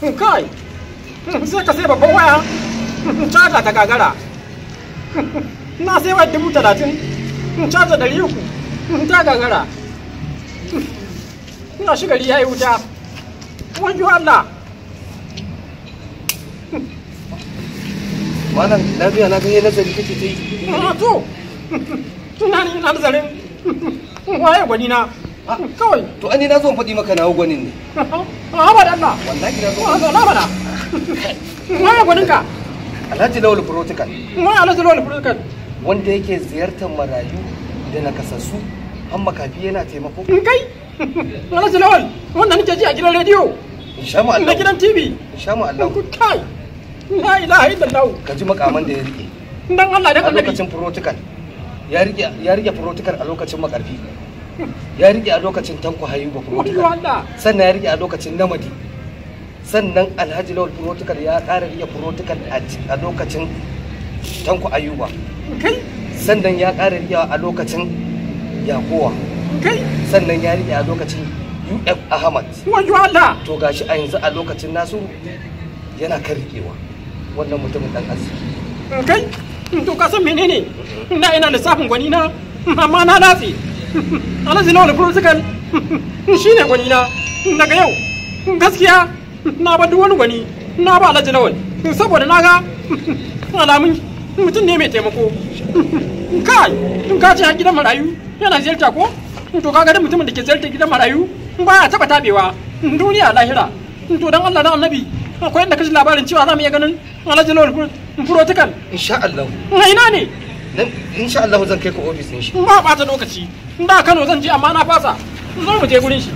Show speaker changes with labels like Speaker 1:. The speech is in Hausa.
Speaker 1: kai sai ka sai babban waya caja ta gagara na sai wa dubu talatin caja ɗari uku ta gagara ina shi gari ya yi wuta
Speaker 2: wajen Allah malam lafiya na ganye nazari kake ta yi ah, to tunani na nazarin waye gwani na kawai to ani na zo faɗi maka nawo gwanin ne Ahmad Allah
Speaker 1: wallahi na zo na mana
Speaker 2: ma gwanin ka Alhaji Lawal Protocol ma Alhaji Lawal Protocol wanda yake ziyartar marayu da nakasassu an makafi yana taimako kai Alhaji Lawal wanda nake ji a gidan rediyo insha mu Allah na gidan TV insha mu Allah kai la ilaha illallah ka ji makaman da ya rike dan Allah da annabi lokacin protocol ya rike ya rike protocol a lokacin makarfi ya rike a lokacin tanko hayuba furotukar sannan ya rike a lokacin namadi sannan alhaji lawal protocol ya ƙara rike protocol a lokacin tanko ayuba sannan ya ƙara rike a lokacin yakowa sannan ya rike a lokacin uf ahmad to gashi a yanzu a lokacin nasu yana kan rikewa wannan mutumin dan arziki kai to ka san menene ina ina lissafin gwani na amma
Speaker 1: na lafi zina wani kurun sukan shi ne gwani na daga yau gaskiya na ba duk wani gwani na ba alhaji nawa saboda na ga alamun mutum ne mai taimako kai ka ce ya gidan marayu yana ziyarta ko to ka da mutumin da ke ziyarta gidan marayu baya taba tabewa duniya lahira to dan Allah na annabi akwai inda kashi labarin cewa za mu iya ganin wani kurun
Speaker 2: furotukan insha Allah ina ne insha Allah zan kai ku ofis din shi ba ta lokaci in da Kano zan je amma na fasa zo mu je gurin shi